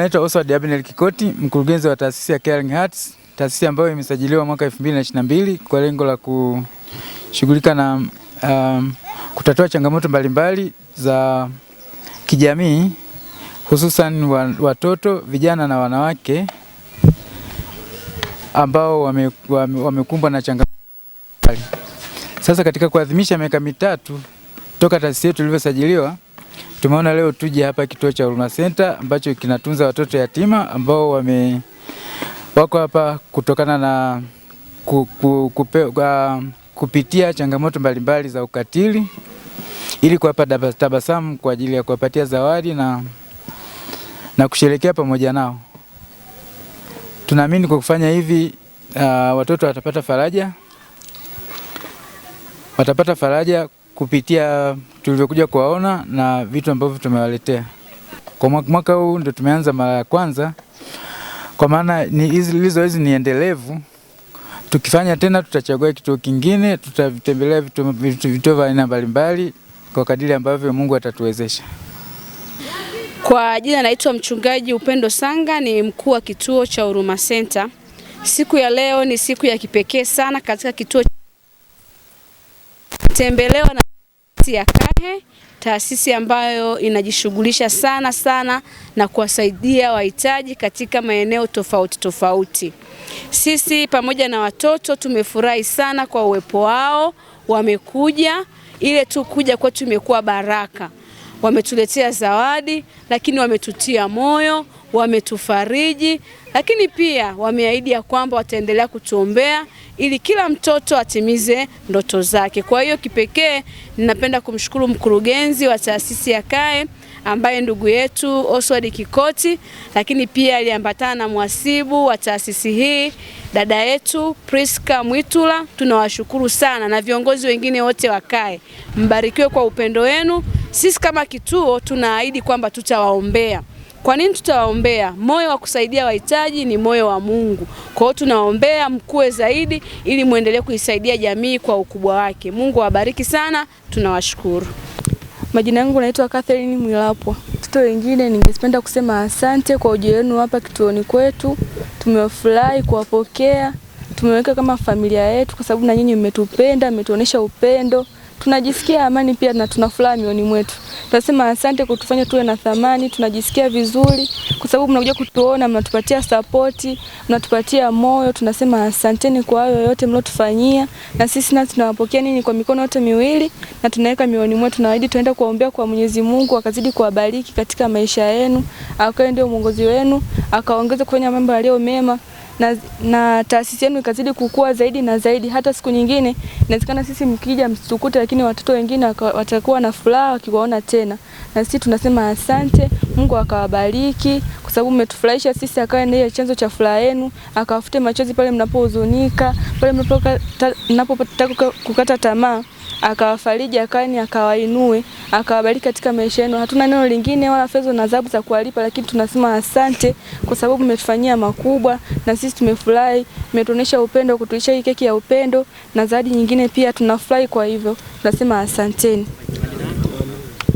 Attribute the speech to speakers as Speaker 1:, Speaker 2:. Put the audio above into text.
Speaker 1: Naitwa Oswald Abner Kikoti, mkurugenzi wa taasisi ya Caring Hearts, taasisi ambayo imesajiliwa mwaka 2022 kwa lengo la kushughulika na um, kutatua changamoto mbalimbali mbali za kijamii hususan watoto, vijana na wanawake ambao wamekumbwa wame, wame na changamoto. Sasa katika kuadhimisha miaka mitatu toka taasisi yetu ilivyosajiliwa tumeona leo tuje hapa kituo cha Huruma Center ambacho kinatunza watoto yatima ambao wame wako hapa kutokana na ku, ku, kupe, uh, kupitia changamoto mbalimbali za ukatili ili kuwapa tabasamu kwa ajili ya kuwapatia zawadi na, na kusherekea pamoja nao. Tunaamini kwa kufanya hivi uh, watoto watapata faraja watapata faraja kupitia tulivyokuja kuwaona na vitu ambavyo tumewaletea kwa mwaka huu. Ndio tumeanza mara ya kwanza, kwa maana hili zoezi ni endelevu. Tukifanya tena, tutachagua kituo kingine, tutavitembelea vituo vitu vya aina mbalimbali kwa kadiri ambavyo Mungu atatuwezesha.
Speaker 2: Kwa jina naitwa Mchungaji Upendo Sanga, ni mkuu wa kituo cha Huruma Center. Siku ya leo ni siku ya kipekee sana katika kituo Nimetembelewa na taasisi ya KAHE, taasisi ambayo inajishughulisha sana sana na kuwasaidia wahitaji katika maeneo tofauti tofauti. Sisi pamoja na watoto tumefurahi sana kwa uwepo wao, wamekuja ile tu kuja kwetu imekuwa baraka wametuletea zawadi, lakini wametutia moyo, wametufariji, lakini pia wameahidi ya kwamba wataendelea kutuombea ili kila mtoto atimize ndoto zake. Kwa hiyo kipekee ninapenda kumshukuru mkurugenzi wa taasisi ya CAE ambaye ndugu yetu Oswald Kikoti, lakini pia aliambatana na mhasibu wa taasisi hii dada yetu Priska Mwitula. Tunawashukuru sana na viongozi wengine wote wa CAE. Mbarikiwe kwa upendo wenu. Sisi kama kituo tunaahidi kwamba tutawaombea. Kwa nini tutawaombea? Moyo wa kusaidia wahitaji ni moyo wa Mungu. Kwa hiyo tunaombea mkue zaidi, ili muendelee kuisaidia jamii kwa ukubwa wake. Mungu awabariki sana, tunawashukuru.
Speaker 3: Majina yangu naitwa Catherine Mwilapwa. Watoto wengine, ningependa kusema asante kwa ujio wenu hapa kituoni kwetu. Tumefurahi kuwapokea, tumeweka kama familia yetu, kwa sababu na nyinyi mmetupenda, mmetuonesha upendo tunajisikia amani pia na tuna furaha mioni mwetu. Tunasema asante kwa kutufanya tuwe na thamani, tunajisikia vizuri kwa sababu mnakuja kutuona, mnatupatia sapoti, mnatupatia moyo. Tunasema asanteni kwa hayo yote mliotufanyia, na sisi na tunawapokea nini kwa mikono yote miwili na tunaweka mioni mwetu, hadi tunaenda kuombea kwa Mwenyezi Mungu akazidi kuwabariki katika maisha yenu, akawe ndio mwongozi wenu, akaongeze kufanya mambo yaliyo mema na, na taasisi yenu ikazidi kukua zaidi na zaidi. Hata siku nyingine inawezekana sisi mkija msitukute, lakini watoto wengine watakuwa na furaha wakiwaona tena, na sisi tunasema asante, Mungu akawabariki kwa sababu mmetufurahisha sisi, akawa ndiye chanzo cha furaha yenu, akawafute machozi pale mnapohuzunika, pale mnapopata kukata tamaa, akawafariji, ni akawainue, akawabariki katika maisha yenu. Hatuna neno lingine wala fedha na adhabu za kuwalipa, lakini tunasema asante kwa sababu mmetufanyia makubwa, na sisi tumefurahi, mmetuonesha upendo, kutulisha hii keki ya upendo na zawadi nyingine pia tunafurahi. Kwa hivyo tunasema asanteni.